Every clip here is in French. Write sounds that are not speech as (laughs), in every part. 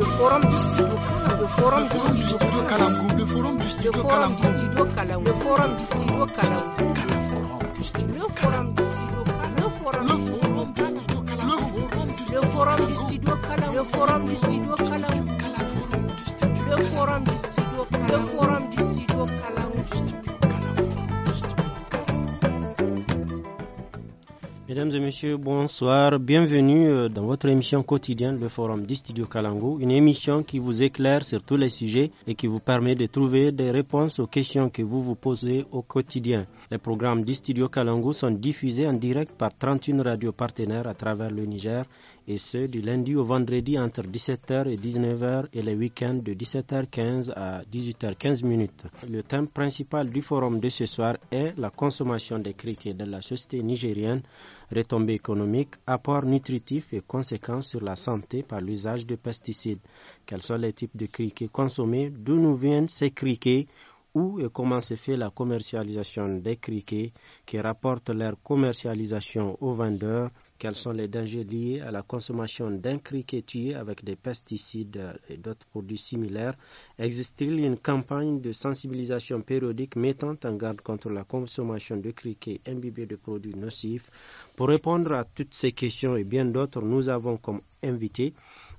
le forum du studio le forum du studio le forum du studio le forum du studio le forum du studio le forum du studio le forum du studio le forum du studio le forum du studio le forum du studio Kalamkou Mesdames et messieurs, bonsoir. Bienvenue euh, dans votre émission quotidienne, le Forum du Studio Kalango, une émission qui vous éclaire sur tous les sujets et qui vous permet de trouver des réponses aux questions que vous vous posez au quotidien. Les programmes du Studio Kalango sont diffusés en direct par 31 radios partenaires à travers le Niger et ce du lundi au vendredi entre 17h et 19h et les week-ends de 17h15 à 18h15 minutes. Le thème principal du forum de ce soir est la consommation des criquets de la société nigérienne, retombées économiques, apports nutritifs et conséquences sur la santé par l'usage de pesticides. Quels sont les types de criquets consommés, d'où nous viennent ces criquets où et comment se fait la commercialisation des criquets qui rapportent leur commercialisation aux vendeurs quels sont les dangers liés à la consommation d'un criquet tué avec des pesticides et d'autres produits similaires. Existe-t-il une campagne de sensibilisation périodique mettant en garde contre la consommation de criquets imbibés de produits nocifs Pour répondre à toutes ces questions et bien d'autres, nous avons comme invité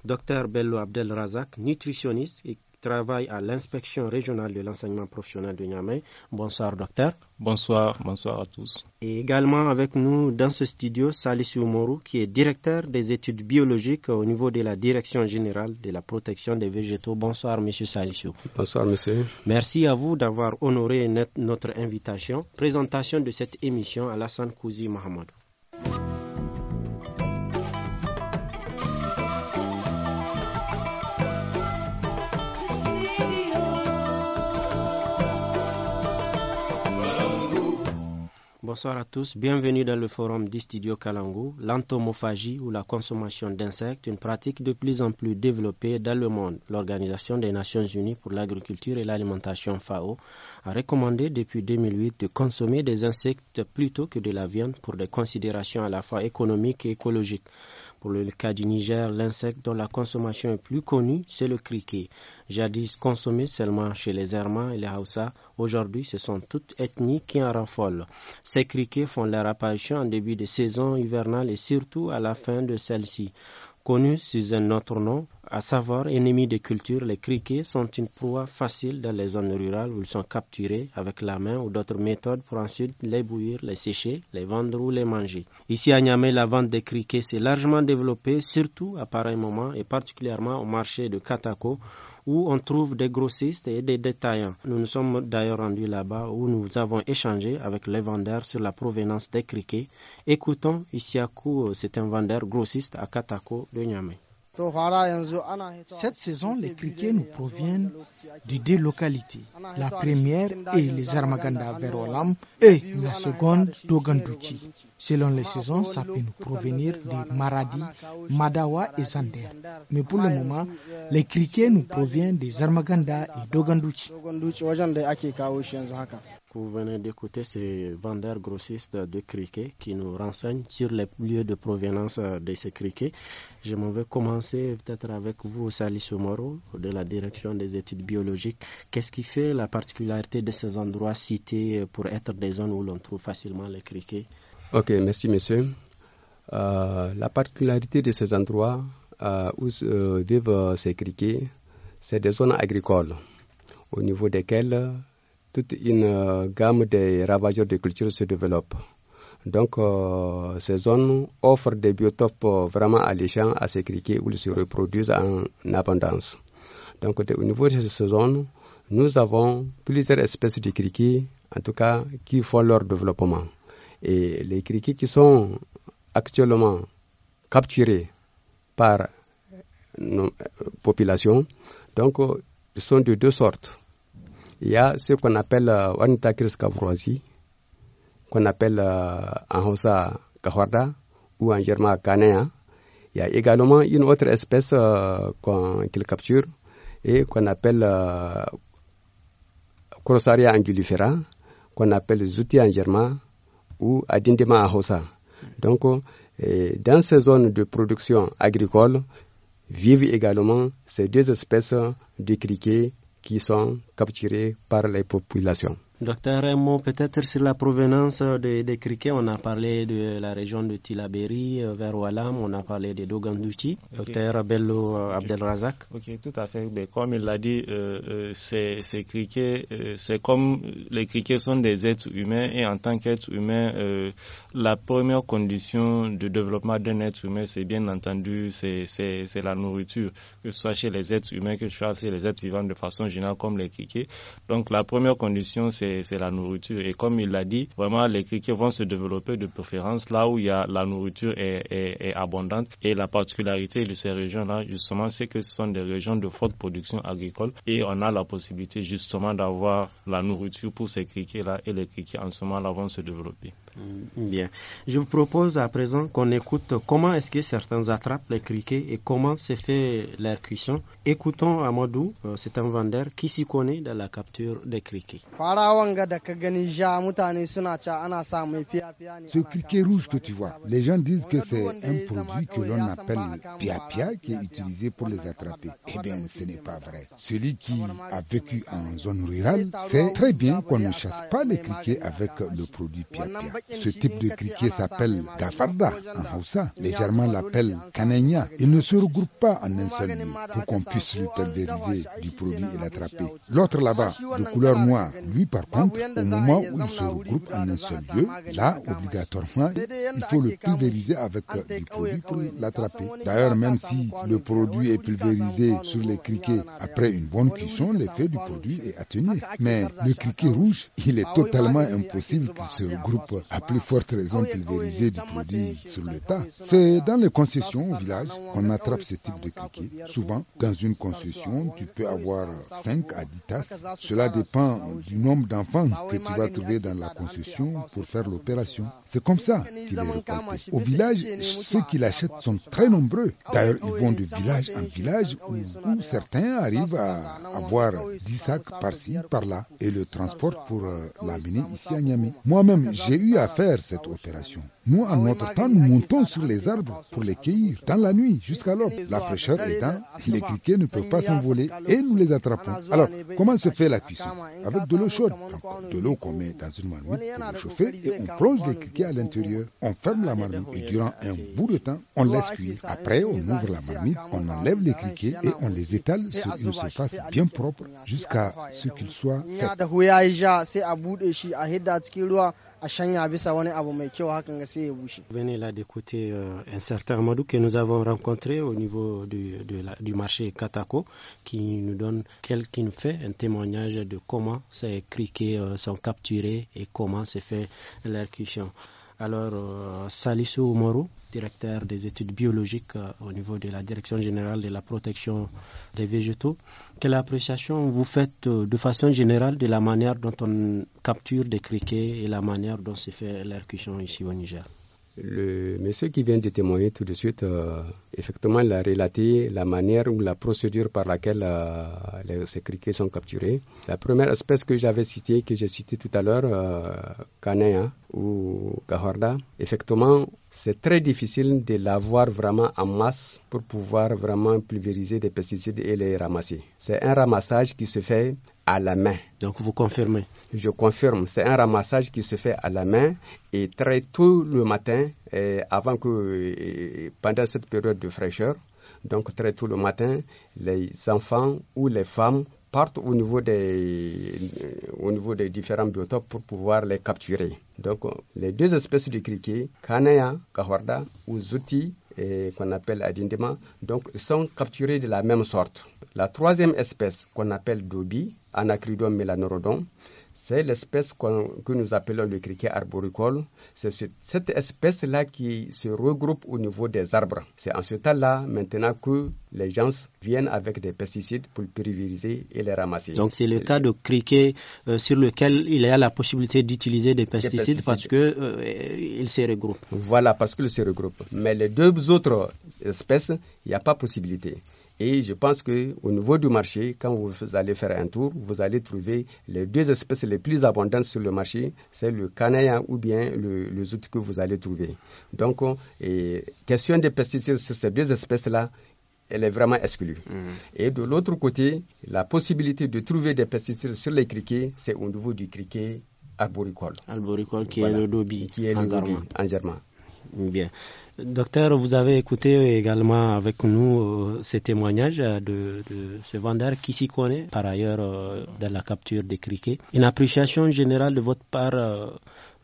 Dr Bello Abdelrazak, nutritionniste qui travaille à l'inspection régionale de l'enseignement professionnel de Niamey. Bonsoir docteur. Bonsoir, bonsoir à tous. Et également avec nous dans ce studio, Salisu Mourou, qui est directeur des études biologiques au niveau de la Direction générale de la protection des végétaux. Bonsoir, monsieur Salissou. Bonsoir, monsieur. Merci à vous d'avoir honoré notre invitation. Présentation de cette émission à Alassane Kouzi Mohamed. Bonsoir à tous. Bienvenue dans le forum d'Istudio Kalangu. L'entomophagie ou la consommation d'insectes, une pratique de plus en plus développée dans le monde. L'Organisation des Nations Unies pour l'agriculture et l'alimentation FAO a recommandé depuis 2008 de consommer des insectes plutôt que de la viande pour des considérations à la fois économiques et écologiques. Pour le cas du Niger, l'insecte dont la consommation est plus connue, c'est le criquet. Jadis consommé seulement chez les Hermans et les Hausa, aujourd'hui ce sont toutes ethnies qui en raffolent. Ces criquets font leur apparition en début de saison hivernale et surtout à la fin de celle-ci. Connus sous un autre nom, à savoir ennemis des cultures, les criquets sont une proie facile dans les zones rurales où ils sont capturés avec la main ou d'autres méthodes pour ensuite les bouillir, les sécher, les vendre ou les manger. Ici à Niamey, la vente des criquets s'est largement développée, surtout à pareil moment et particulièrement au marché de Katako où on trouve des grossistes et des détaillants. Nous nous sommes d'ailleurs rendus là-bas où nous avons échangé avec les vendeurs sur la provenance des criquets. Écoutons Isiakou, euh, c'est un vendeur grossiste à Katako de Niamey. Cette saison, les criquets nous proviennent de deux localités. La première est les Armaganda Verolam et la seconde Doganduchi. Selon les saisons, ça peut nous provenir de Maradi, Madawa et Zander. Mais pour le moment, les criquets nous proviennent des Armaganda et Doganduchi vous venez d'écouter, ces vendeurs grossistes de criquets qui nous renseignent sur les lieux de provenance de ces criquets. Je m'en vais commencer peut-être avec vous, Sali Somoro, de la direction des études biologiques. Qu'est-ce qui fait la particularité de ces endroits cités pour être des zones où l'on trouve facilement les criquets Ok, merci monsieur. Euh, la particularité de ces endroits euh, où euh, vivent ces criquets, c'est des zones agricoles, au niveau desquelles toute une euh, gamme de ravageurs de culture se développe. Donc, euh, ces zones offrent des biotopes euh, vraiment alléchants à ces criquets où ils se reproduisent en abondance. Donc, au niveau de ces zones, nous avons plusieurs espèces de criquets, en tout cas, qui font leur développement. Et les criquets qui sont actuellement capturés par nos populations, donc, ils sont de deux sortes il y a ce qu'on appelle euh, Wanita cavroisi, qu'on appelle en euh, Hausa ou en Germain Kanea. Il y a également une autre espèce euh, qu'il capture, et qu'on appelle Crossaria angulifera, qu'on appelle zuti en Germain ou Adindema en Donc, dans ces zones de production agricole, vivent également ces deux espèces de criquets qui sont capturés par les populations. Docteur, Emmo, peut-être sur la provenance des, des criquets. On a parlé de la région de Tilaberi euh, vers Walam, on a parlé de Dogandouti. Docteur Bello euh, Abdelrazak. ok, tout à fait. Mais comme il l'a dit, euh, euh ces, criquets, c'est comme les criquets sont des êtres humains et en tant qu'êtres humains, la première condition de développement d'un être humain, c'est bien entendu, c'est la nourriture, que ce soit chez les êtres humains, que ce soit chez les êtres vivants de façon générale, comme les criquets. Donc la première condition, c'est c'est la nourriture. Et comme il l'a dit, vraiment, les criquets vont se développer de préférence là où il y a la nourriture est, est abondante. Et la particularité de ces régions-là, justement, c'est que ce sont des régions de forte production agricole et on a la possibilité justement d'avoir la nourriture pour ces criquets-là et les criquets en ce moment-là vont se développer. Mm, bien. Je vous propose à présent qu'on écoute comment est-ce que certains attrapent les criquets et comment se fait leur cuisson. Écoutons Amadou, euh, c'est un vendeur qui s'y connaît dans la capture des criquets. Ce criquet rouge que tu vois, les gens disent que c'est un produit que l'on appelle pia-pia qui est utilisé pour les attraper. Eh bien, ce n'est pas vrai. Celui qui a vécu en zone rurale sait très bien qu'on ne chasse pas les criquets avec le produit pia-pia. Ce type de criquet s'appelle gafarda en Hausa. Les Germains l'appellent Il ne se regroupe pas en un seul lieu pour qu'on puisse le pulvériser du produit et l'attraper. L'autre là-bas, de couleur noire, lui par contre, au moment où il se regroupe en un seul lieu, là, obligatoirement, il faut le pulvériser avec euh, du produit pour l'attraper. D'ailleurs, même si le produit est pulvérisé sur les criquets, après une bonne cuisson, l'effet du produit est atténué. Mais le criquet rouge, il est totalement impossible qu'il se regroupe à plus forte raison pulvériser ah ah du produit sur le tas. C'est dans les concessions au village qu'on attrape ce type de criquet. Souvent, dans une concession, tu peux avoir 5 à 10 tasses. Cela dépend du nombre d'enfants bah que tu vas trouver dans la concession pour faire l'opération. C'est hein. comme ça qu'il est Au village, ceux qui l'achètent sont très nombreux. Ah D'ailleurs, ils vont de village en village où, certains arrivent à avoir 10 sacs par-ci, par-là et le transportent pour l'amener ici à Niamey. Moi-même, j'ai eu à faire cette opération. Nous, en notre temps, nous montons sur les arbres pour les cueillir dans la nuit jusqu'à l'aube. La fraîcheur étant, les criquets ne peuvent pas s'envoler et nous les attrapons. Alors, comment se fait la cuisson Avec de l'eau chaude, de l'eau qu'on met dans une marmite pour chauffer et on plonge les criquets à l'intérieur. On ferme la marmite et durant un bout de temps, on laisse cuire. Après, on ouvre la marmite, on enlève les criquets et on les étale sur une surface bien propre jusqu'à ce qu'ils soient faits a Venez là d'écouter euh, un certain Madou que nous avons rencontré au niveau du, marché Katako qui nous donne quelqu'un fait un témoignage de comment ces criquets euh, sont capturés et comment se fait leur Alors euh, Salissou Moro, directeur des études biologiques euh, au niveau de la Direction générale de la protection des végétaux. Quelle appréciation vous faites euh, de façon générale de la manière dont on capture des criquets et la manière dont se fait leur ici au Niger le monsieur qui vient de témoigner tout de suite, euh, effectivement, il a relaté la manière ou la procédure par laquelle euh, les, ces criquets sont capturés. La première espèce que j'avais citée, que j'ai citée tout à l'heure, euh, ou Gahorda, effectivement, c'est très difficile de l'avoir vraiment en masse pour pouvoir vraiment pulvériser des pesticides et les ramasser. C'est un ramassage qui se fait à la main. Donc vous confirmez Je confirme. C'est un ramassage qui se fait à la main et très tôt le matin, eh, avant que, eh, pendant cette période de fraîcheur, donc très tôt le matin, les enfants ou les femmes partent au niveau des, au niveau des différents biotopes pour pouvoir les capturer. Donc, les deux espèces de criquets, Kanaya, Kahwarda ou Zuti, eh, qu'on appelle Adindema, donc, sont capturés de la même sorte. La troisième espèce qu'on appelle dobi, Anacridum melanorodon, c'est l'espèce que nous appelons le criquet arboricole. C'est cette espèce-là qui se regroupe au niveau des arbres. C'est en ce temps-là, maintenant, que les gens viennent avec des pesticides pour pulvériser et les ramasser. Donc c'est le cas de criquet euh, sur lequel il y a la possibilité d'utiliser des, pesticides, parce que euh, se regroupe. Voilà, parce qu'il se regroupe. Mais les deux autres espèces, il n'y a pas possibilité. Et je pense qu'au niveau du marché, quand vous allez faire un tour, vous allez trouver les deux espèces les plus abondantes sur le marché, c'est le canaïa ou bien le, zout que vous allez trouver. Donc, euh, question des pesticides sur ces deux espèces-là, elle est vraiment exclue. Mm. Et de l'autre côté, la possibilité de trouver des pesticides sur les criquets, c'est au niveau du criquet arboricole. Arboricole qui est le dobi le en Bien. Docteur, vous avez écouté également avec nous euh, ces témoignages euh, de, de, ce vendeur qui s'y connaît, par ailleurs, euh, dans la capture des criquets. Une appréciation générale de votre part euh,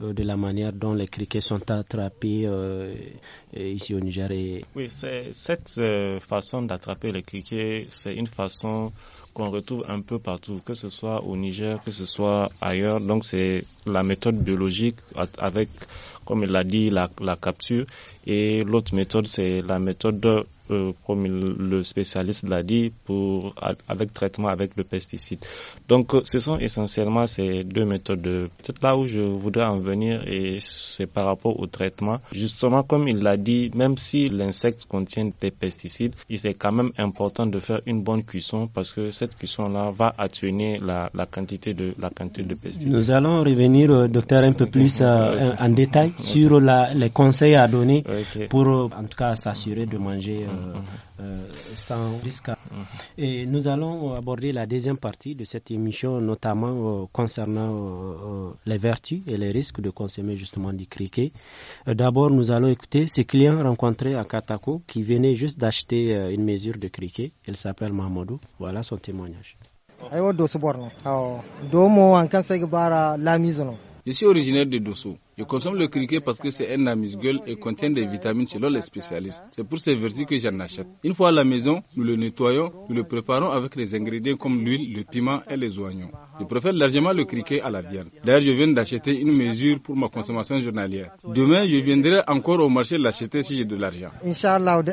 euh, de la manière dont les criquets sont attrapés ici au Niger et... Oui, cette façon d'attraper les criquets, c'est une façon qu'on retrouve un peu partout, que ce soit au Niger, que ce soit ailleurs. Donc, c'est la méthode biologique avec comme il l'a dit, la, la capture. Et l'autre méthode, c'est la méthode euh, comme le spécialiste l'a dit, pour, avec traitement avec le pesticide. Donc, euh, ce sont essentiellement ces deux méthodes. peut là où je voudrais en venir, et c'est par rapport au traitement. Justement, comme il l'a dit, même si l'insecte contient des pesticides, il est quand même important de faire une bonne cuisson parce que cette cuisson-là va atténuer la, la, quantité de, la quantité de pesticides. Nous allons revenir, euh, docteur, un peu plus en détail sur la, les conseils à donner pour, en tout cas, s'assurer de manger. Euh, euh, sans risque. Mhm. Et nous allons aborder la deuxième partie de cette émission, notamment euh, concernant les vertus et les risques de consommer justement du criquet. D'abord, nous allons écouter ces clients rencontrés à Katako qui venaient juste d'acheter une mesure de criquet. Il s'appelle Mamadou. Voilà son témoignage. Oh. Je suis originaire de Dosso. Je consomme le criquet parce que c'est un amuse-gueule et contient des vitamines selon les spécialistes. C'est pour ces vertus que j'en achète. Une fois à la maison, nous le nettoyons, nous le préparons avec les ingrédients comme l'huile, le piment et les oignons. Je préfère largement le criquet à la viande. D'ailleurs, je viens d'acheter une mesure pour ma consommation journalière. Demain, je viendrai encore au marché l'acheter si j'ai de l'argent. Inch'Allah, (laughs)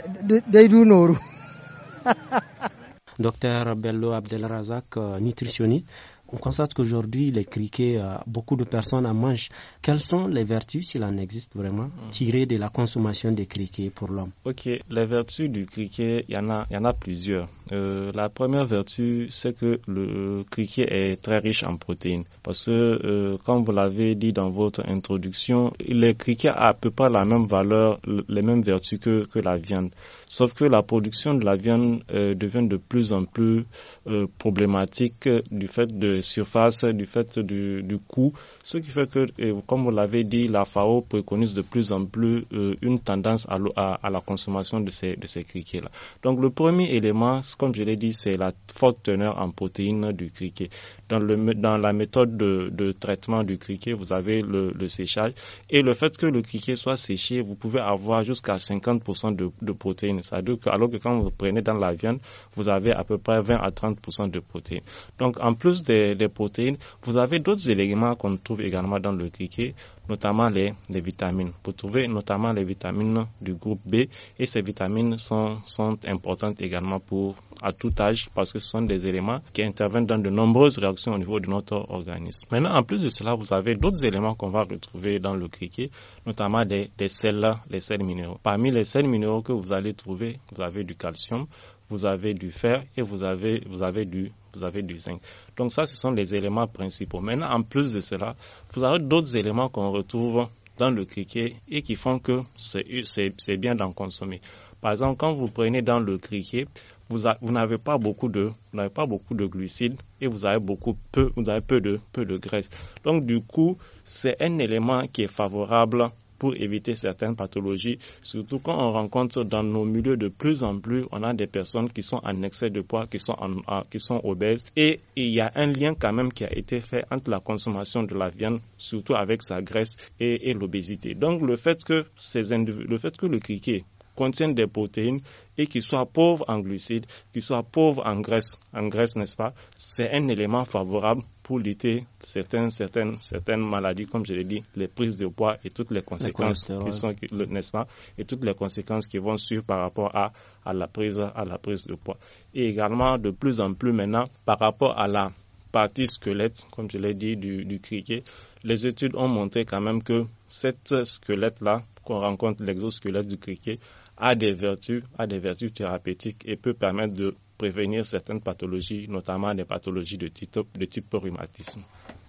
Docteur Bello Abdelrazak, euh, nutritionniste. On constate qu'aujourd'hui, les criquets, euh, beaucoup de personnes en mangent. Quelles sont les vertus, s'il en existe vraiment, mm. tirées de la consommation des criquets pour l'homme Ok, les vertus du criquet, il y, en a, y en a plusieurs. Euh, la première vertu, c'est que le criquet est très riche en protéines. Parce que, euh, comme vous l'avez dit dans votre introduction, le criquet a à peu près la même valeur, les mêmes vertus que la viande. Sauf que la production de la viande euh, devient de plus en plus euh, problématique du fait de surface, du fait du, du coût, ce qui fait que, comme vous l'avez dit, la FAO préconise de plus en plus euh, une tendance à, à, à, la consommation de ces, de ces criquets-là. Donc le premier élément, comme je l'ai dit, c'est la forte teneur en protéines du criquet. Dans, le, dans la méthode de, de traitement du criquet, vous avez le, le, séchage et le fait que le criquet soit séché, vous pouvez avoir jusqu'à 50% de, de protéines c'est-à-dire que, alors que quand vous prenez dans la viande, vous avez à peu près 20 à 30 de protéines. Donc, en plus des, protéines, vous avez d'autres éléments qu'on trouve également dans le criquet, notamment les, les, vitamines. Vous trouvez notamment les vitamines du groupe B et ces vitamines sont, sont importantes également pour à tout âge parce que ce sont des éléments qui interviennent dans de nombreuses réactions au niveau de notre organisme. Maintenant, en plus de cela, vous avez d'autres éléments qu'on va retrouver dans le criquet, notamment des, des sels, les sels minéraux. Parmi les sels minéraux que vous allez trouver, vous avez du calcium, vous avez du fer et vous avez, vous avez du vous avez du zinc. Donc ça, ce sont les éléments principaux. Maintenant, en plus de cela, vous avez d'autres éléments qu'on retrouve dans le criquet et qui font que c'est bien d'en consommer. Par exemple, quand vous prenez dans le criquet, vous, vous n'avez pas beaucoup de, n'avez pas beaucoup de glucides et vous avez beaucoup peu, vous avez peu de, peu de graisse. Donc du coup, c'est un élément qui est favorable pour éviter certaines pathologies, surtout quand on rencontre dans nos milieux de plus en plus, on a des personnes qui sont en excès de poids, qui sont, en, ah, qui sont obèses. Et il y a un lien quand même qui a été fait entre la consommation de la viande, surtout avec sa graisse, et, l'obésité. Donc le fait que ces le fait que le criquet contiennent des protéines et qui soient pauvres en glucides, qui soient pauvres en graisse, en graisse, n'est-ce pas C'est un élément favorable pour lutter certaines, certaines, certaines maladies, comme je l'ai dit, les prises de poids et toutes les conséquences qui sont, n'est-ce pas Et toutes les conséquences qui vont suivre par rapport à, à la prise, à la prise de poids. Et également, de plus en plus maintenant, par rapport à la partie squelette, comme je l'ai dit, du, du criquet, les études ont montré quand même que cette squelette-là, qu'on rencontre l'exosquelette du criquet, a des vertus, a des vertus thérapeutiques et peut permettre de prévenir certaines pathologies, notamment des pathologies de type, de type rhumatisme.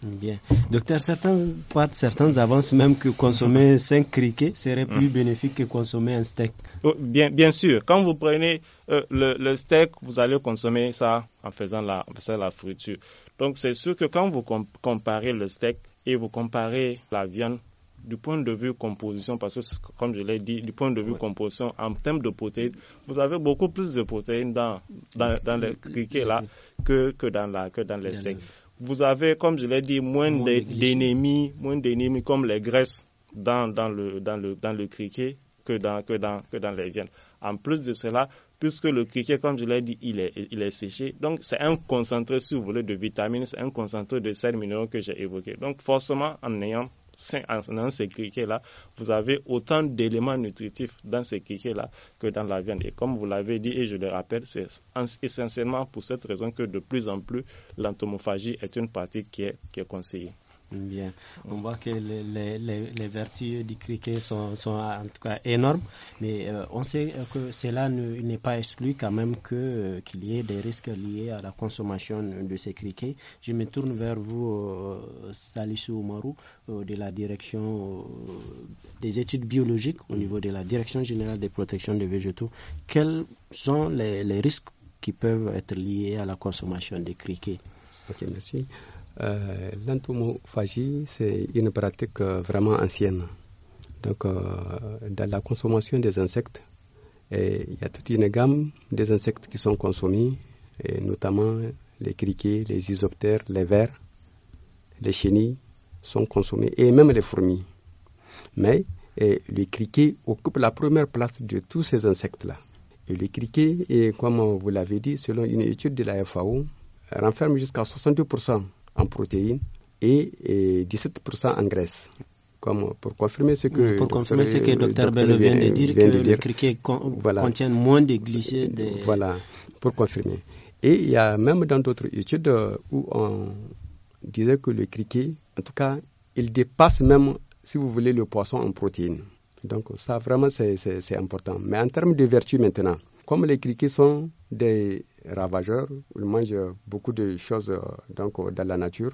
Bien. Docteur, certains, certains avancent même que consommer 5 mhm. criquets serait plus mhm. bénéfique que consommer un steak. Oh, bien, bien sûr. Quand vous prenez euh, le, steak, vous allez consommer ça en faisant la, en faisant la friture. Donc, c'est sûr que quand vous comparez le steak et vous comparez la viande du point de vue composition, parce que comme je l'ai dit, du point de vue composition, en termes de protéines, vous avez beaucoup plus de protéines dans, dans, dans là que, que, dans, la, que dans les steaks. Vous avez, comme je l'ai dit, moins d'énémies, moins d'ennemis comme les graisses dans, dans, le, dans, le, dans le criquet que dans, que, dans, que dans les viandes. En plus de cela, puisque le criquet, comme je l'ai dit, il est, il est séché. Donc, c'est un concentré, si vous voulez, de vitamines, c'est un concentré de sels minéraux que j'ai évoqué. Donc, forcément, en ayant dans ces criquets-là, vous avez autant d'éléments nutritifs dans ces criquets-là que dans la viande. Et comme vous l'avez dit, et je le rappelle, c'est essentiellement pour cette raison que de plus en plus, l'entomophagie est une pratique qui est conseillée. Bien. On voit que les, vertus du criquet sont, en tout cas énormes, mais euh, on sait que cela n'est pas exclu quand même que euh, qu'il y ait des risques liés à la consommation de ces criquets. Je me tourne vers vous, euh, Salisu Salissou Oumarou, de la direction des études biologiques au niveau de la direction générale des protections des végétaux. Quels sont les, risques qui peuvent être liés à la consommation des criquets merci. Euh, L'entomophagie, c'est une pratique euh, vraiment ancienne. Donc, euh, dans la consommation des insectes, il y a toute une gamme des insectes qui sont consommés, et notamment les criquets, les isoptères, les vers, les chenilles sont consommés, et même les fourmis. Mais les le criquet occupe la première place de tous ces insectes-là. Et le criquet, et comme vous l'avez dit, selon une étude de la FAO, renferme jusqu'à 62% en protéines et, 17% en graisse. Comme pour confirmer ce que pour confirmer ce que docteur Bello vient, de dire que le criquet contient moins de glycées voilà pour confirmer et il y a même dans d'autres études euh, où on disait que le criquet en tout cas il dépasse même si vous voulez le poisson en protéines donc ça vraiment c'est important mais en termes de vertu maintenant comme les criquets sont des ravageurs. il mange beaucoup de choses euh, donc, euh, dans la nature.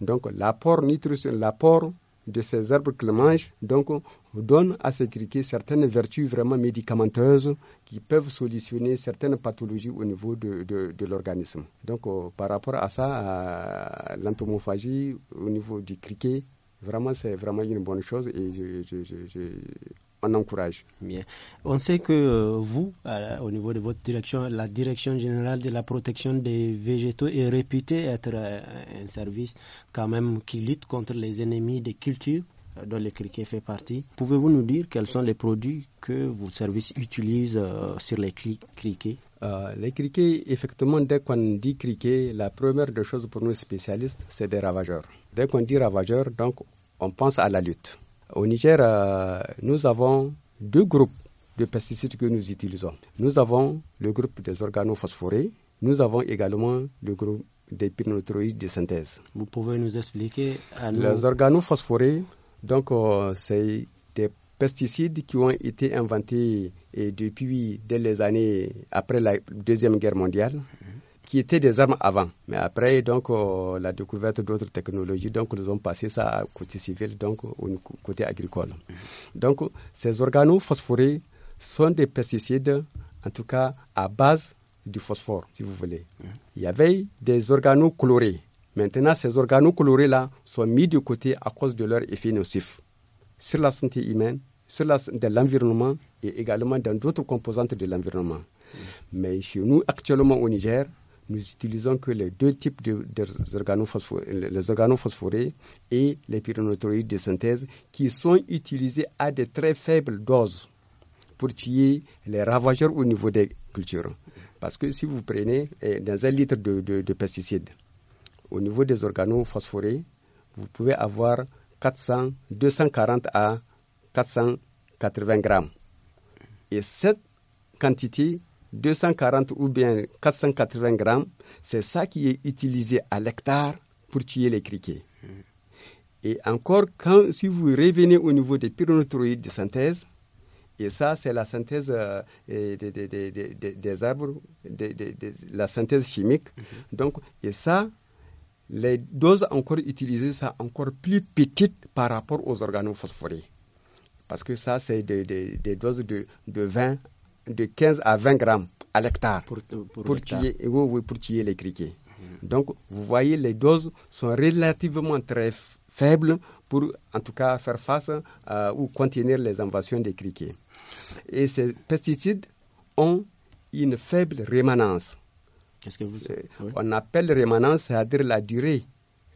Donc l'apport l'apport de ces arbres qu'il mange donc, donne à ces criquets certaines vertus vraiment médicamenteuses qui peuvent solutionner certaines pathologies au niveau de, de, l'organisme. Donc, euh, par rapport à ça, l'entomophagie au niveau du criquet, vraiment, c'est vraiment une bonne chose et je, on encourage. Bien. On sait que euh, vous, au niveau de votre direction, la direction générale de la protection des végétaux est réputée être euh, un service quand même qui lutte contre les ennemis des cultures euh, dont le criquet fait partie. Pouvez-vous nous dire quels sont les produits que vos services utilisent sur les criquets Les criquets, effectivement, dès qu'on dit criquet, la première des choses pour nous spécialistes, c'est des ravageurs. Dès qu'on dit ravageurs, donc, on pense à la lutte. Au Niger, euh, nous avons deux groupes de pesticides que nous utilisons. Nous avons le groupe des organophosphorés, nous avons également le groupe des pyrnotroïdes de synthèse. Vous pouvez nous expliquer à nous... Les organophosphorés, donc euh, c'est des pesticides qui ont été inventés depuis dès les années après la Deuxième Guerre mondiale. Mhm qui étaient des armes avant. Mais après, donc, euh, la découverte d'autres technologies, donc, nous avons passé ça au côté civil, donc, au côté agricole. Donc, ces phosphorés sont des pesticides, en tout cas, à base du phosphore, si vous voulez. Il y avait des colorés. Maintenant, ces colorés là sont mis de côté à cause de leur effet nocif sur la santé humaine, sur l'environnement et également dans d'autres composantes de l'environnement. Mais chez nous, actuellement au Niger, nous utilisons que les deux types de, les organophosphorés et les pyrénotroïdes de synthèse qui sont utilisés à de très faibles doses pour tuer les ravageurs au niveau des cultures. Parce que si vous prenez eh, dans un litre de, pesticides, au niveau des organophosphorés, vous pouvez avoir 240 à 480 grammes. Et cette quantité 240 ou bien 480 grammes, c'est ça qui est utilisé à l'hectare pour tuer les criquets. Et encore, quand, si vous revenez au niveau des pyronutroïdes de synthèse, et ça, c'est la synthèse euh, des, arbres, la synthèse chimique. Mhm. Donc, et ça, les doses encore utilisées sont encore plus petites par rapport aux organophosphorés, Parce que ça, c'est des, doses de, de 20 de 15 à 20 grammes à l'hectare pour, tuer, les criquets. Mmh. Donc, vous voyez, les doses sont relativement très faibles pour, en tout cas, faire face euh, ou contenir les invasions des criquets. Et ces pesticides ont une faible rémanence. Qu'est-ce que vous... On appelle rémanence, c'est-à-dire la durée.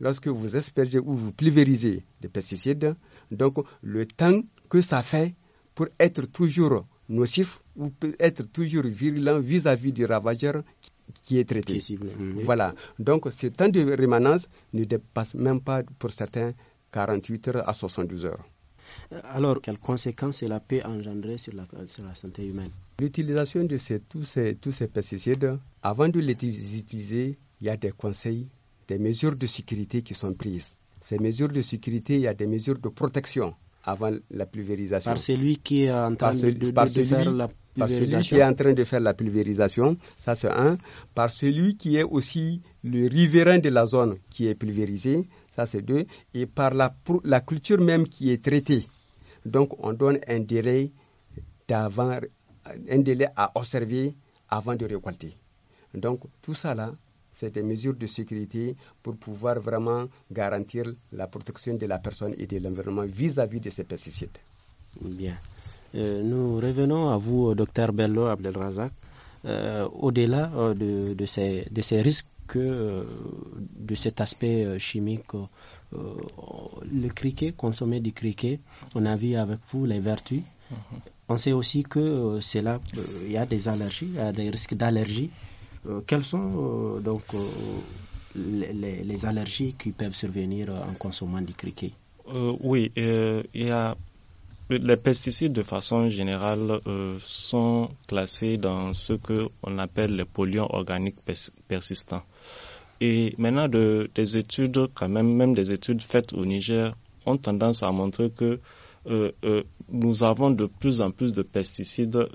Lorsque vous aspergez ou vous pulvérisez des pesticides, donc le temps que ça fait pour être toujours nocif ou peut être toujours virulent vis-à-vis du ravageur qui est traité. Mm-hmm. Voilà. Donc, ce temps de rémanence ne dépasse même pas, pour certains, 48 heures à 72 heures. Euh, alors, quelles conséquences cela la paix sur la, sur la santé humaine L'utilisation de ces, tous, ces, tous ces pesticides, avant de les utiliser, il y a des conseils, des mesures de sécurité qui sont prises. Ces mesures de sécurité, il y a des mesures de protection avant la pulvérisation. Par celui qui est en train de, faire la par celui qui est en train de faire la pulvérisation, ça c'est un, par celui qui est aussi le riverain de la zone qui est pulvérisé, ça c'est deux, et par la, la culture même qui est traitée. Donc on donne un délai un délai à observer avant de récolter. Donc tout ça là, c'est des mesures de sécurité pour pouvoir vraiment garantir la protection de la personne et de l'environnement vis-à-vis de ces pesticides. Bien. Euh, nous revenons à vous, euh, docteur Bello Abdelrazak. Euh, au-delà de, de, ces, risques de cet aspect chimique, le criquet, consommer du criquet, on a vu avec vous les vertus. Mhm. On sait aussi que cela, il y a des allergies, il y a des risques d'allergie. Quelles sont donc les, allergies qui peuvent survenir en consommant du criquet Oui, il y a les pesticides de façon générale euh, sont classés dans ce qu'on appelle les polluants organiques persistants. Et maintenant, des études, quand même, même des études faites au Niger, ont tendance à montrer que euh, euh, nous avons de plus en plus de pesticides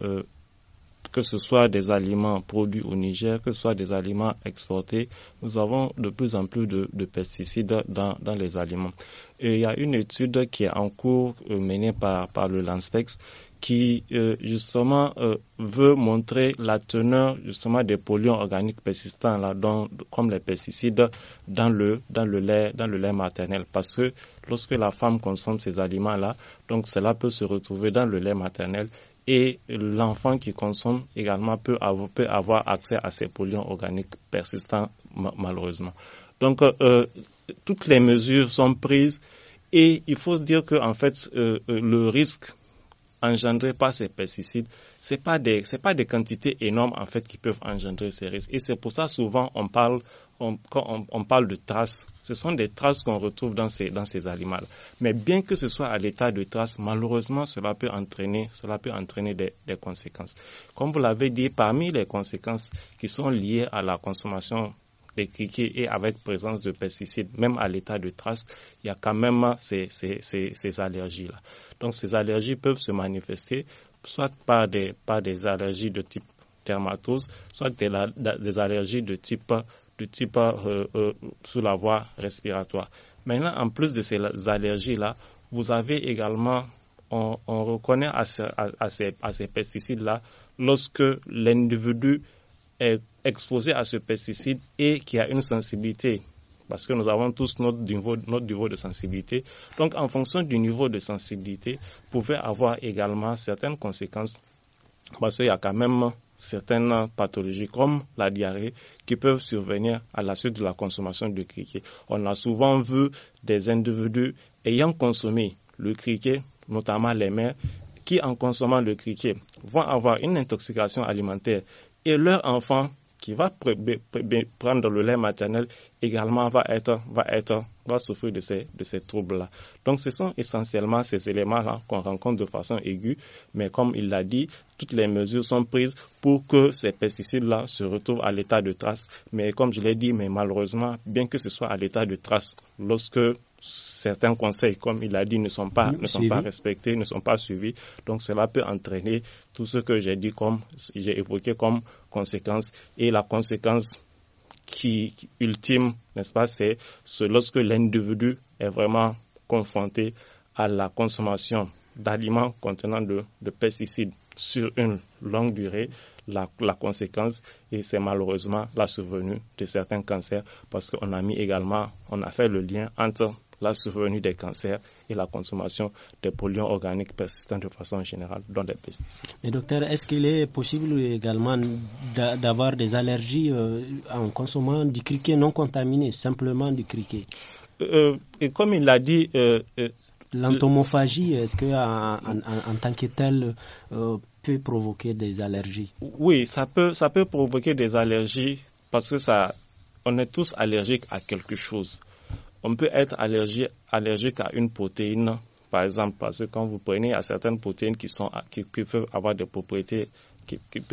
que ce soit des aliments produits au Niger, que ce soit des aliments exportés, nous avons de plus en plus de, de pesticides dans, dans, les aliments. Et il y a une étude qui est en cours euh, menée par, par le LANSPEX qui euh, justement euh, veut montrer la teneur justement des polluants organiques persistants là, comme les pesticides dans le dans le lait dans le lait maternel parce que lorsque la femme consomme ces aliments là donc cela peut se retrouver dans le lait maternel et l'enfant qui consomme également peut avoir, accès à ces polluants organiques persistants malheureusement. Donc euh, euh, toutes les mesures sont prises et il faut dire que en fait euh, le risque engendrer par ces pesticides, ce ne pas, des, pas des quantités énormes en fait qui peuvent engendrer ces risques. Et c'est pour ça souvent on parle, on, quand on, parle de traces, ce sont des traces qu'on retrouve dans ces, dans ces aliments. Mais bien que ce soit à l'état de traces, malheureusement cela peut entraîner, cela peut entraîner des, des conséquences. Comme vous l'avez dit, parmi les conséquences qui sont liées à la consommation et avec présence de pesticides, même à l'état de trace, il y a quand même ces, allergies-là. Donc ces allergies peuvent se manifester soit par des, allergies de type dermatose, soit des, allergies de type, euh, euh, sous la voie respiratoire. Maintenant, en plus de ces allergies-là, vous avez également, on, reconnaît à ces pesticides-là, lorsque l'individu est exposé à ce pesticide et qui a une sensibilité, parce que nous avons tous notre niveau, notre niveau de sensibilité. Donc, en fonction du niveau de sensibilité, pouvait avoir également certaines conséquences, parce qu'il y a quand même certaines pathologies comme la diarrhée qui peuvent survenir à la suite de la consommation de criquet. On a souvent vu des individus ayant consommé le criquet, notamment les mères, qui en consommant le criquet vont avoir une intoxication alimentaire et leur enfant qui va prendre le lait maternel également va être va être va souffrir de ces de ces troubles là. Donc ce sont essentiellement ces éléments là qu'on rencontre de façon aiguë, mais comme il l'a dit, toutes les mesures sont prises pour que ces pesticides là se retrouvent à l'état de trace. Mais comme je l'ai dit, mais malheureusement, bien que ce soit à l'état de trace, lorsque certains conseils, comme il a dit, ne sont pas, respectés, ne sont pas suivis. Donc cela peut entraîner tout ce que j'ai dit comme, j'ai évoqué comme conséquence. Et la conséquence qui, ultime, n'est-ce pas, c'est lorsque l'individu est vraiment confronté à la consommation d'aliments contenant de, pesticides sur une longue durée, la, la conséquence, et c'est malheureusement la survenue de certains cancers, parce qu'on a mis également, on a fait le lien entre la survenue des cancers et la consommation des polluants organiques persistants de façon générale, dont des pesticides. Mais docteur, est-ce qu'il est possible également d'avoir des allergies euh, en consommant du criquet non contaminé, simplement du criquet euh, euh, et Comme il l'a dit, L'entomophagie, est-ce que en, tant que telle peut provoquer des allergies Oui, ça peut, ça peut provoquer des allergies parce que ça, on est tous allergiques à quelque chose. On peut être allergique, allergique à une protéine, par exemple, parce que quand vous prenez certaines protéines qui, sont, qui, peuvent avoir des propriétés qui, qui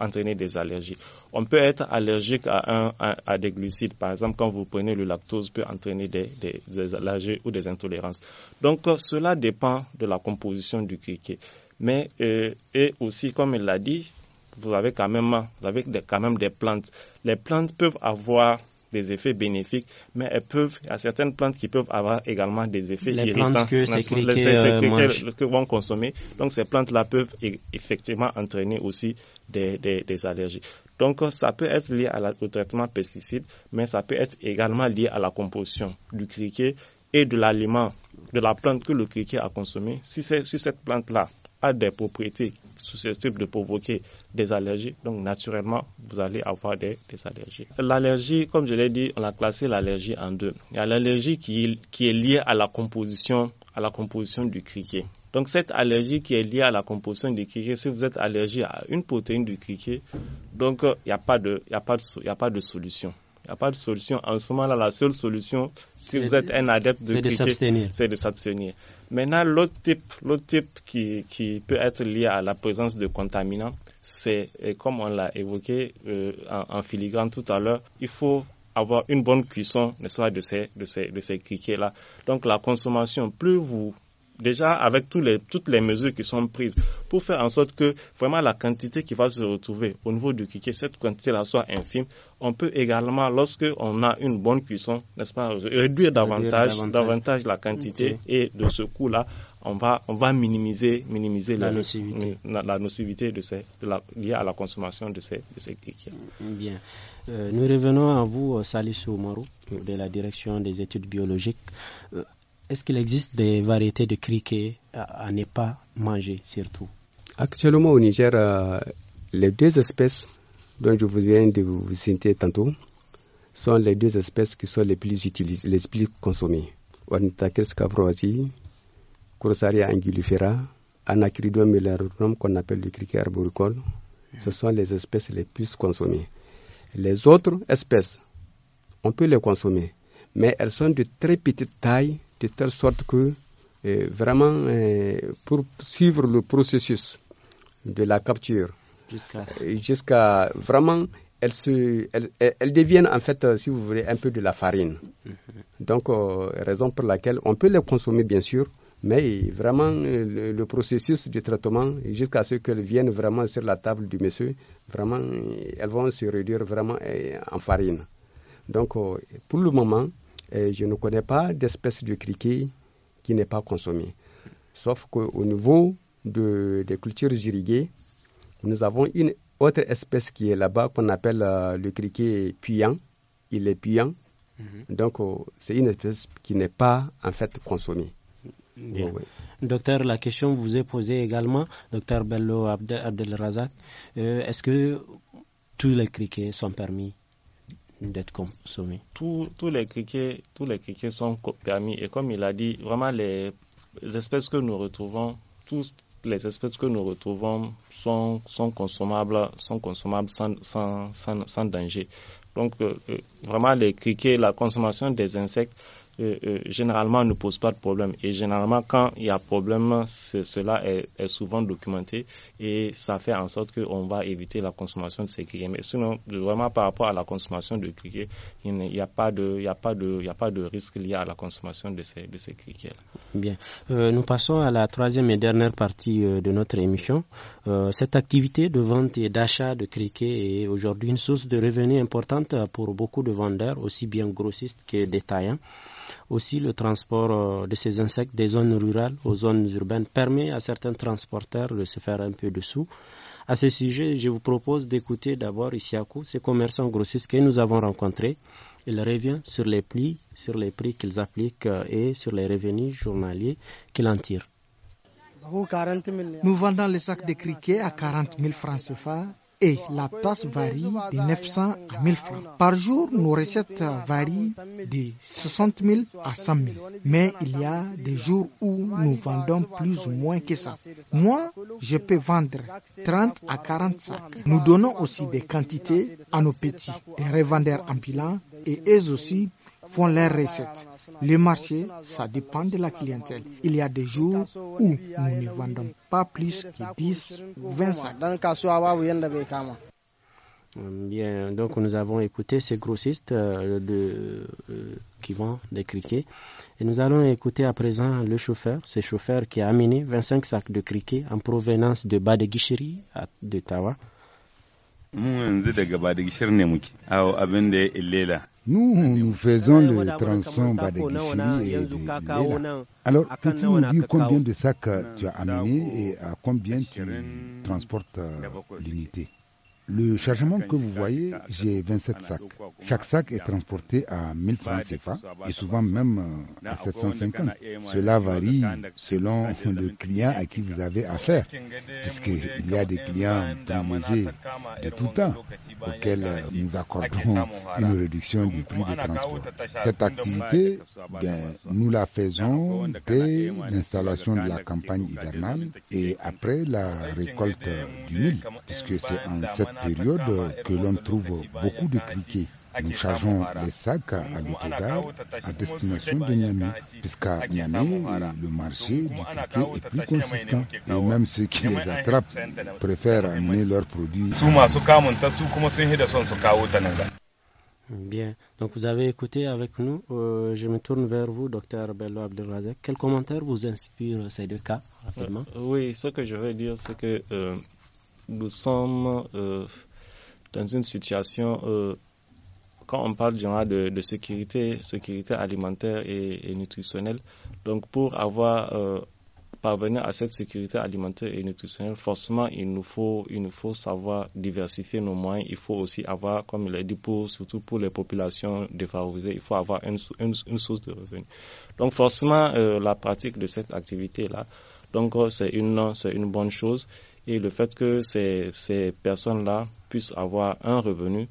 entraîner des allergies. On peut être allergique à, un, à, des glucides. Par exemple, quand vous prenez le lactose, peut entraîner des, des, allergies ou des intolérances. Donc, euh, cela dépend de la composition du criquet. Mais, euh, et aussi, comme il l'a dit, vous avez, quand même, quand même des plantes. Les plantes peuvent avoir des effets bénéfiques, mais elles peuvent, il certaines plantes qui peuvent avoir également des effets les irritants. Plantes que ces euh, que vont consommer. Donc ces plantes-là peuvent effectivement entraîner aussi des, allergies. Donc, ça peut être lié au traitement pesticides, mais ça peut être également lié à la composition du criquet et de l'aliment, de la plante que le criquet a consommé. Si, si cette plante-là a des propriétés susceptibles de provoquer des allergies. Donc naturellement, vous allez avoir des, des allergies. L'allergie, comme je l'ai dit, on a classé l'allergie en deux. Il y a l'allergie qui, est liée à la composition, à la composition du criquet. Donc cette allergie qui est liée à la composition du criquet, si vous êtes allergique à une protéine du criquet, donc euh, il n'y a, pas de, a, a pas de solution. Il n'y a pas de solution. En ce moment-là, la seule solution, si vous êtes un adepte du criquet, c'est de s'abstenir. Maintenant, l'autre type, l'autre type qui, qui peut être lié à la présence de contaminants, c'est, euh, comme on l'a évoqué euh, en, filigrane tout à l'heure, il faut avoir une bonne cuisson, n'est-ce pas, de ces, de ces, de ces criquets-là. Donc la consommation, plus vous déjà avec tous les, toutes les mesures qui sont prises pour faire en sorte que vraiment la quantité qui va se retrouver au niveau du criquet, cette quantité-là soit infime. On peut également, lorsque on a une bonne cuisson, n'est-ce pas, réduire davantage, davantage. la quantité et de ce coup-là, on va, on minimiser, la, nocivité, la, de ces, liée à la consommation de ces, de Bien. Euh, nous revenons à vous, euh, Salissou Moro de la direction des études biologiques. Euh, est-ce qu'il existe des variétés de criquets à, ne pas manger, surtout Actuellement, au Niger, les deux espèces dont je vous viens de vous citer tantôt sont les deux espèces qui sont les plus utilisées, les plus consommées. Coursaria angulifera, Anacridum qu'on appelle le criquet arboricole. Ce sont les espèces les plus consommées. Les autres espèces, on peut les consommer, mais elles sont de très petite taille, de telle sorte que eh, vraiment, eh, pour suivre le processus de la capture, jusqu'à eh, vraiment elles, deviennent en fait, si vous voulez, un peu de la farine. Mm-hmm. Donc, euh, raison pour laquelle on peut les consommer, bien sûr, mais vraiment, euh, le, processus de traitement, jusqu'à ce qu'elles viennent vraiment sur la table du monsieur, vraiment, euh, elles vont se réduire vraiment euh, en farine. Donc, pour le moment, je ne connais pas d'espèce de criquet qui n'est pas consommée. Sauf qu'au niveau des cultures irriguées, nous avons une autre espèce qui est là-bas qu'on appelle le criquet puyant. Il est puyant, mhm. Donc, c'est une espèce qui n'est pas en fait consommée. Docteur, la question vous est posée également, docteur Bello Abdelrazak. Euh, est-ce que tous les criquets sont permis d'être consommés tous, les criquets, tous les sont permis. Et comme il a dit, vraiment, les espèces que nous retrouvons, tous, les espèces que nous retrouvons sont, consommables, sont consommables sans, danger. Donc, euh, euh, vraiment, les criquets, la consommation des insectes, euh, euh, généralement ne pose pas de problème. Et généralement, quand il y a problème, cela est, souvent documenté et ça fait en sorte qu'on va éviter la consommation de ces criquets. Mais sinon, vraiment par rapport à la consommation de criquets, il n'y a pas de, a a pas de risque lié à la consommation de ces, de ces criquets. Bien. Euh, nous passons à la troisième et dernière partie euh, de notre émission. cette activité de vente et d'achat de criquets est aujourd'hui une source de revenus importante pour beaucoup de vendeurs, aussi bien grossistes que détaillants. Aussi, le transport euh, de ces insectes des zones rurales aux zones urbaines permet à certains transporteurs de se faire un peu de sous. À ce sujet, je vous propose d'écouter d'abord Isiakou, ces commerçants grossistes que nous avons rencontrés. Il revient sur les prix, sur les prix qu'ils appliquent euh, et sur les revenus journaliers qu'ils en tirent. Nous vendons les sacs de criquets à 40 000 francs CFA la tasse varie de 900 à 1000 francs. Par jour, nos recettes varient de 60 000 à 100 000. Mais il y a des jours où nous vendons plus ou moins que ça. Moi, je peux vendre 30 à 40 sacs. Nous donnons aussi des quantités à nos petits, des revendeurs ambulants et eux aussi font leurs recettes. Le marché, ça dépend de la clientèle. Il y a des jours où nous ne vendons pas plus que 10 ou 20 sacs. Hum, bien, donc nous avons écouté ces grossistes euh, euh, qui vendent des criquets. Et nous allons écouter à présent le chauffeur, ce chauffeur qui a amené 25 sacs de criquets en provenance de Badeguichiri, de Tawa. mu nous, nous faisons le par de et de Léla. Alors, peux-tu nous dire combien de sacs euh, tu as amené et à combien tu transportes euh, l'unité le chargement que vous voyez, j'ai 27 sacs. Chaque sac est transporté à 1000 francs CFA et souvent même euh, à 750. Cela varie selon le client à qui vous avez affaire, puisqu'il y a des clients privilégiés de tout temps auxquels euh, nous accordons une réduction du prix de transport. Cette activité, nous la faisons dès l'installation de la campagne hivernale et après la récolte du mille, puisque c'est en cette période que l'on trouve beaucoup de cliquets. Nous chargeons les sacs à l'autogar à destination de Niamey, puisqu'à Niamey, le marché du criquet est plus consistant. Et même ceux qui les attrapent préfèrent amener leurs produits. Bien, donc vous avez écouté avec nous. Euh, je me tourne vers vous, docteur Bello Abdelrazek. Quel commentaire vous inspire ces deux cas, rapidement euh, Oui, ce que je veux dire, c'est que euh, nous sommes euh, dans une situation, euh, quand on parle genre de, de, sécurité, sécurité alimentaire et, et nutritionnelle, donc pour avoir euh, parvenir à cette sécurité alimentaire et nutritionnelle, forcément, il nous faut, il nous faut savoir diversifier nos moyens. Il faut aussi avoir, comme il a dit, pour, surtout pour les populations défavorisées, il faut avoir une, une, source de revenus. Donc, forcément, euh, la pratique de cette activité-là, donc, euh, c'est une, c'est une bonne chose et le fait que ces, ces personnes-là puissent avoir un revenu.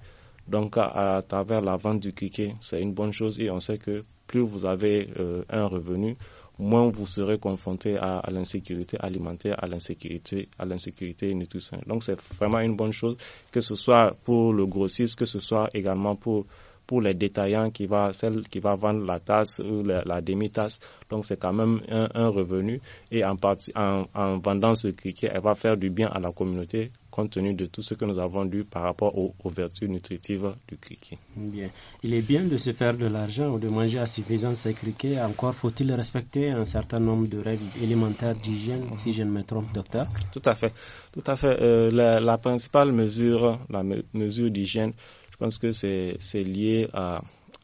Donc, à, travers la vente du cliquet, c'est une bonne chose et on sait que plus vous avez euh, un revenu, moins vous serez confronté à, à l'insécurité alimentaire, à l'insécurité, à l'insécurité nutritionnelle. Donc, c'est vraiment une bonne chose, que ce soit pour le grossiste, que ce soit également pour pour les détaillants qui va, celle qui va vendre la tasse ou la, demi-tasse. Donc c'est quand même un, revenu et en, en, vendant ce criquet, elle va faire du bien à la communauté compte tenu de tout ce que nous avons lu par rapport aux, ouvertures vertus nutritives du criquet. Bien. Il est bien de se faire de l'argent ou de manger à suffisance ces criquets. Encore faut-il respecter un certain nombre de règles élémentaires d'hygiène, si je ne me trompe, docteur Tout à fait. Tout à fait. Euh, la, principale mesure, la mesure d'hygiène, je pense que c'est lié à,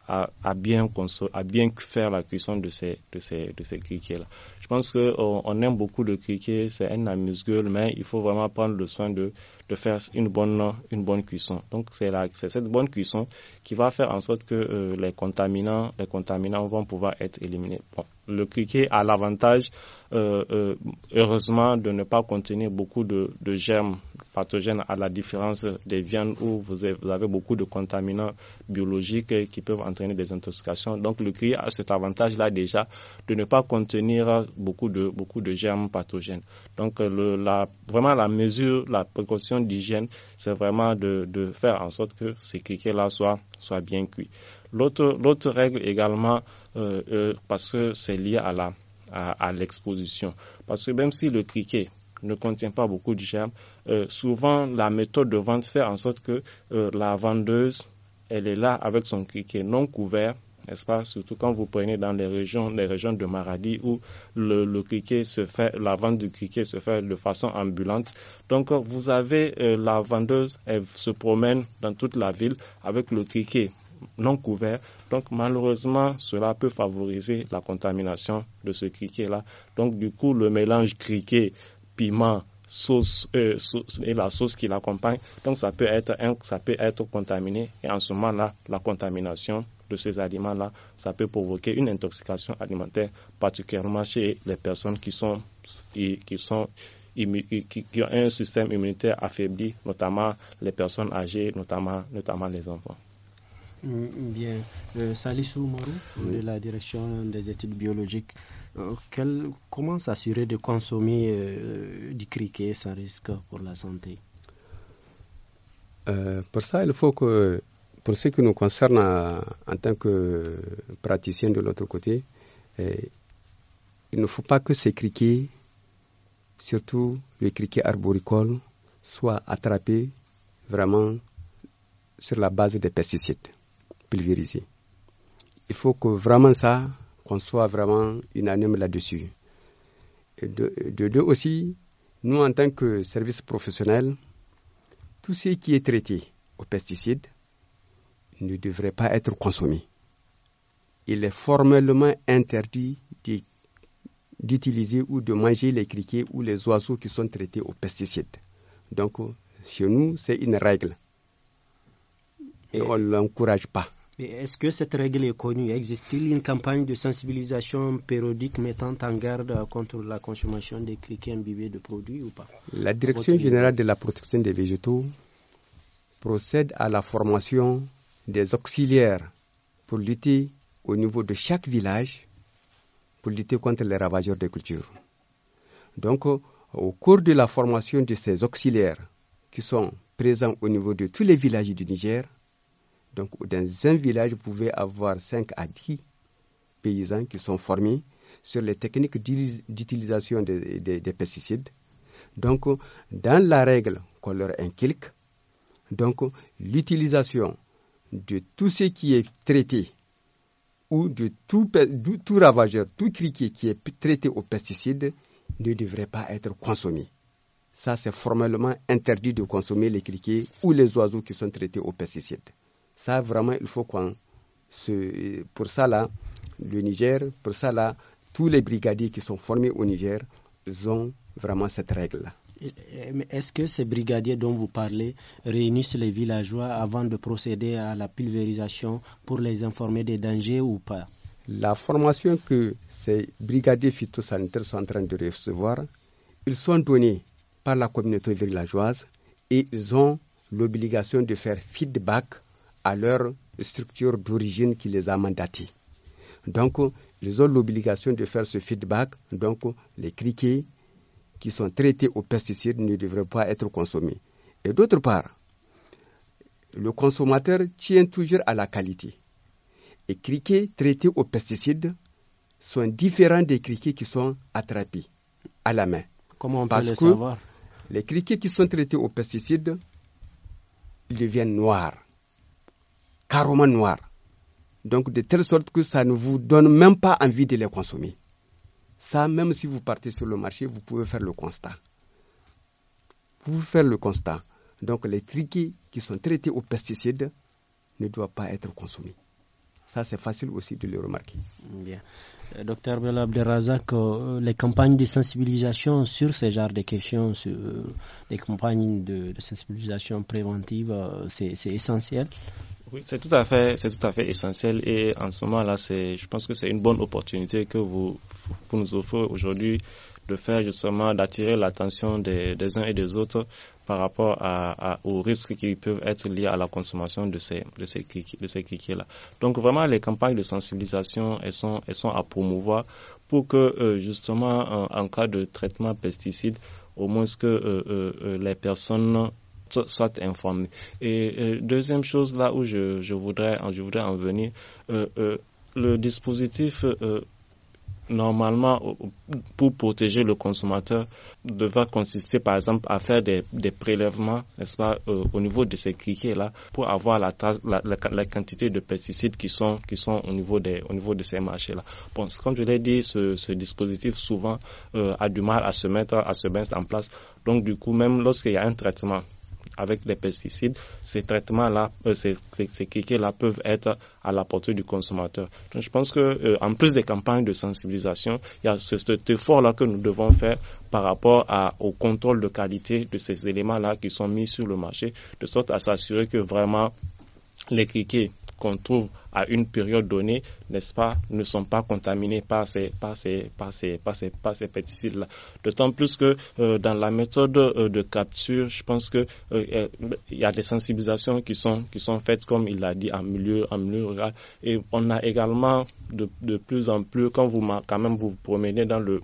à, à, bien à bien faire la cuisson de ces, de ces, de ces criquets-là. Je pense qu'on aime beaucoup le criquet, c'est un amuse-gueule, mais il faut vraiment prendre le soin de, de faire une bonne, une bonne cuisson. Donc c'est cette bonne cuisson qui va faire en sorte que euh, les, contaminants, les contaminants vont pouvoir être éliminés. Bon, le criquet a l'avantage, euh, euh, heureusement, de ne pas contenir beaucoup de, de germes pathogène à la différence des viandes où vous avez beaucoup de contaminants biologiques qui peuvent entraîner des intoxications. Donc le cuir a cet avantage-là déjà de ne pas contenir beaucoup de, beaucoup de germes pathogènes. Donc vraiment la mesure, la précaution d'hygiène, c'est vraiment de, faire en sorte que ces criquets-là soient, bien cuits. L'autre règle également, euh, euh, parce que c'est lié à à l'exposition. Parce que même si le criquet ne contient pas beaucoup de germes. Euh, souvent, la méthode de vente fait en sorte que euh, la vendeuse, elle est là avec son criquet non couvert, n'est-ce pas Surtout quand vous prenez dans les régions, les régions de Maradi où le, se fait, la vente du criquet se fait de façon ambulante. Donc, euh, vous avez la vendeuse, elle se promène dans toute la ville avec le criquet non couvert. Donc malheureusement, cela peut favoriser la contamination de ce criquet-là. Donc du coup, le mélange criquet piment, euh, sauce, et la sauce qui l'accompagne. Donc ça peut être ça peut être contaminé et en ce moment-là, la contamination de ces aliments-là, ça peut provoquer une intoxication alimentaire, particulièrement chez les personnes qui sont ont un système immunitaire affaibli, notamment les personnes âgées, notamment, notamment les enfants. Mm, bien. Euh, Salissou de la direction des études biologiques. Euh, comment s'assurer de consommer euh, du criquet sans risque pour la santé euh, Pour ça, il faut que, pour ce qui nous concerne en tant que praticien de l'autre côté, il ne faut pas que ces criquets, surtout les criquets arboricoles soient attrapés vraiment sur la base des pesticides pulvérisés. Il faut que vraiment ça, qu'on soit vraiment unanime là-dessus. De, deux aussi, nous en tant que service professionnel, tout ce qui est traité aux pesticides ne devrait pas être consommé. Il est formellement interdit d'utiliser ou de manger les criquets ou les oiseaux qui sont traités aux pesticides. Donc, chez nous, c'est une règle. Et on ne l'encourage pas est-ce que cette règle est connue Existe-t-il une campagne de sensibilisation périodique mettant en garde contre la consommation des criquets imbibés de produits ou pas La Direction générale de la protection des végétaux procède à la formation des auxiliaires pour lutter au niveau de chaque village pour lutter contre les ravageurs des cultures. Donc, euh, au cours de la formation de ces auxiliaires qui sont présents au niveau de tous les villages du Niger, donc, dans un village, vous pouvez avoir 5 à 10 paysans qui sont formés sur les techniques d'utilisation des, pesticides. Donc, dans la règle qu'on leur inculque, donc l'utilisation de tout ce qui est traité ou de tout, de tout ravageur, tout criquet qui est traité au pesticides ne devrait pas être consommé. Ça, c'est formellement interdit de consommer les criquets ou les oiseaux qui sont traités aux pesticides. Ça, vraiment, il faut qu'on Pour ça, là, le Niger, pour ça, tous les brigadiers qui sont formés au Niger, ils ont vraiment cette règle euh, Est-ce que ces brigadiers dont vous parlez réunissent les villageois avant de procéder à la pulvérisation pour les informer des dangers ou pas La formation que ces brigadiers phytosanitaires sont en train de recevoir, ils sont donnés par la communauté villageoise et ils ont l'obligation de faire feedback à leur structure d'origine qui les a mandatés. Donc, ils ont l'obligation de faire ce feedback. Donc, les criquets qui sont traités aux pesticides ne devraient pas être consommés. Et d'autre part, le consommateur tient toujours à la qualité. Les criquets traités aux pesticides sont différents des criquets qui sont attrapés à la main. Comment on peut le savoir Les criquets qui sont traités aux pesticides deviennent noirs carrément noir. Donc de telle sorte que ça ne vous donne même pas envie de les consommer. Ça, même si vous partez sur le marché, vous pouvez faire le constat. Vous pouvez faire le constat. Donc les triquets qui sont traités aux pesticides ne doivent pas être consommés. Ça, c'est facile aussi de le remarquer. Bien. Euh, docteur Belabde euh, les campagnes de sensibilisation sur ce genre de questions, euh, les campagnes de, de sensibilisation préventive, c'est essentiel oui, c'est tout à fait, c'est tout à fait essentiel et en ce moment là, c'est, je pense que c'est une bonne opportunité que vous, nous offrez aujourd'hui de faire justement d'attirer l'attention des, des, uns et des autres par rapport à, aux risques qui peuvent être liés à la consommation de ces de ces de ces là. Donc vraiment les campagnes de sensibilisation elles sont elles sont à promouvoir pour que euh, justement en, cas de traitement pesticide au moins que euh, euh, euh les personnes soit informés. Et, deuxième chose là où je, voudrais, je voudrais en venir, euh, euh le dispositif euh, normalement pour protéger le consommateur devra consister par exemple à faire des, prélèvements n'est-ce pas euh, au niveau de ces criquets là pour avoir la, trace, la, quantité de pesticides qui sont qui sont au niveau des au niveau de ces marchés là bon comme je l'ai dit ce, dispositif souvent euh, a du mal à se mettre à se mettre en place donc du coup même lorsqu'il y a un traitement avec les pesticides, ces traitements-là, euh, ces, là peuvent être à la portée du consommateur. Donc, je pense que euh, en plus des campagnes de sensibilisation, il y a cet effort-là que nous devons faire par rapport à, au contrôle de qualité de ces éléments-là qui sont mis sur le marché, de sorte à s'assurer que vraiment les criquets qu'on trouve à une période donnée, n'est-ce pas, ne sont pas contaminés par ces, par ces, par ces, par ces, pesticides-là. D'autant plus que euh, dans la méthode euh, de capture, je pense que euh, y a des sensibilisations qui sont, qui sont faites, comme il l'a dit, en milieu, en milieu rural. Et on a également de, de plus en plus, quand vous, quand même vous promenez dans le,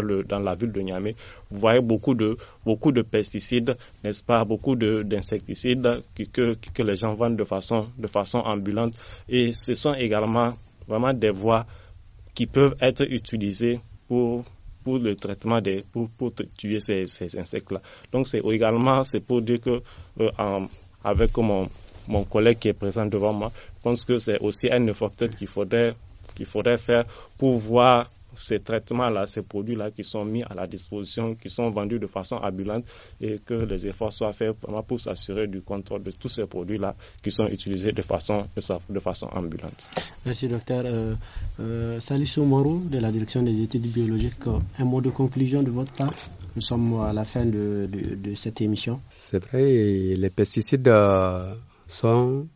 dans, la ville de Niamey, vous voyez beaucoup de, beaucoup de pesticides, n'est-ce pas, beaucoup d'insecticides que, que, les gens vendent de façon, de façon ambulante. Et ce sont également vraiment des voies qui peuvent être utilisées pour pour le traitement des pour, pour tuer ces, insectes là donc c'est également c'est pour dire que euh, avec mon, mon collègue qui est présent devant moi, je pense que c'est aussi un effort peut-être qu'il faudrait, qu'il faudrait faire pour voir ces traitements-là, ces produits-là qui sont mis à la disposition, qui sont vendus de façon ambulante et que les efforts soient faits pour s'assurer du contrôle de tous ces produits-là qui sont utilisés de façon, de façon ambulante. Merci, docteur. Euh, euh, de la direction des études biologiques. Un mot de conclusion de votre part Nous sommes à la fin de, de, cette émission. C'est vrai, les pesticides euh, sont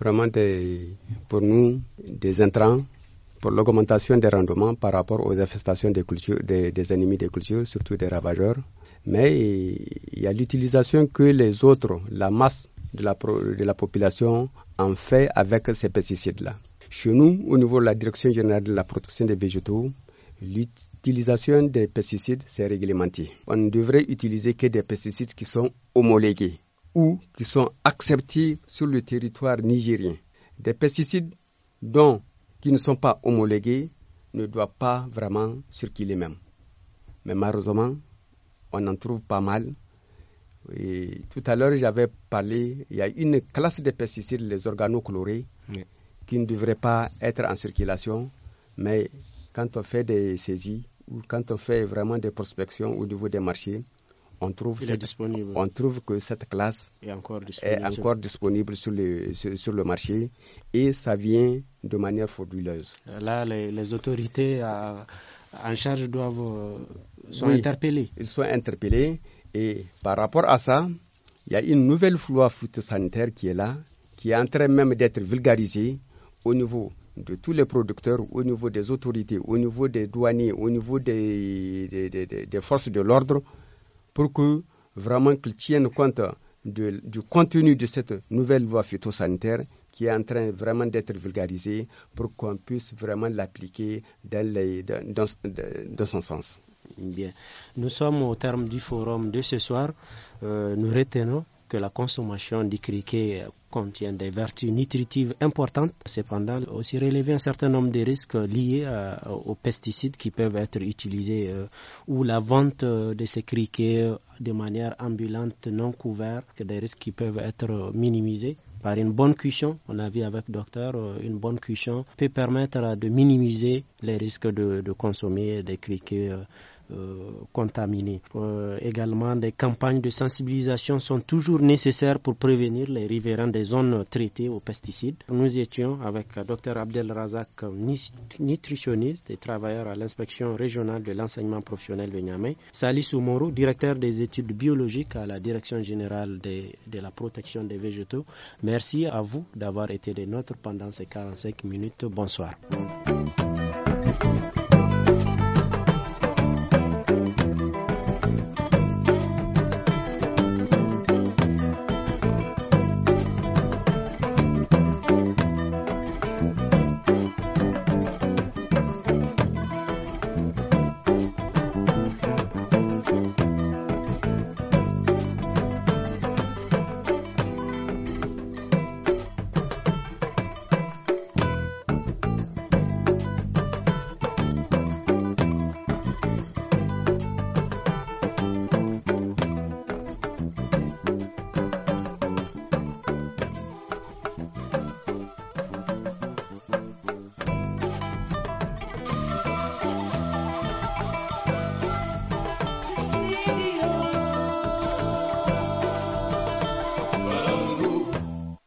vraiment des, pour nous des intrants pour l'augmentation des rendements par rapport aux infestations des, cultures, des, des ennemis des cultures, surtout des ravageurs. Mais il y a l'utilisation que les autres, la masse de la, de la population en fait avec ces pesticides-là. Chez nous, au niveau de la Direction générale de la protection des végétaux, l'utilisation des pesticides, c'est réglementée. On ne devrait utiliser que des pesticides qui sont homologués ou qui sont acceptés sur le territoire nigérien. Des pesticides dont qui ne sont pas homologués ne doivent pas vraiment circuler même. Mais malheureusement, on en trouve pas mal. Et tout à l'heure, j'avais parlé, il y a une classe de pesticides, les organochlorés... qui ne devraient pas être en circulation, mais quand on fait des saisies ou quand on fait vraiment des prospections au niveau des marchés, on trouve, trouve que cette classe est encore disponible, sur, sur, le marché et ça vient de manière frauduleuse. Là, les, autorités euh, en charge doivent euh, sont oui, interpellées. Ils sont interpellés et par rapport à ça, il y a une nouvelle loi phytosanitaire qui est là, qui est en train même d'être vulgarisée au niveau de tous les producteurs, au niveau des autorités, au niveau des douaniers, au niveau des, forces de l'ordre, pour que vraiment qu'ils tiennent compte du contenu de cette nouvelle loi phytosanitaire qui est en train vraiment d'être vulgarisé pour qu'on puisse vraiment l'appliquer dans, son sens. Bien. Nous sommes au terme du forum de ce soir. Euh, nous retenons que la consommation du criquet contient des vertus nutritives importantes, cependant aussi relever un certain nombre de risques liés euh, aux pesticides qui peuvent être utilisés euh, ou la vente de ces criquets de manière ambulante non couverte, des risques qui peuvent être minimisés par une bonne cuisson, on a vu avec le docteur, euh, une bonne cuisson peut permettre de minimiser les risques de, de consommer des criquets euh, euh, contaminés. Euh, également, des campagnes de sensibilisation sont toujours nécessaires pour prévenir les riverains des zones traitées aux pesticides. Nous étions avec euh, Dr Abdel Razak, nutritionniste et travailleur à l'inspection régionale de l'enseignement professionnel de Niamey, Salih Soumoro, directeur des études biologiques à la direction générale de la protection des végétaux. Merci à vous d'avoir été des nôtres pendant ces 45 minutes. Bonsoir.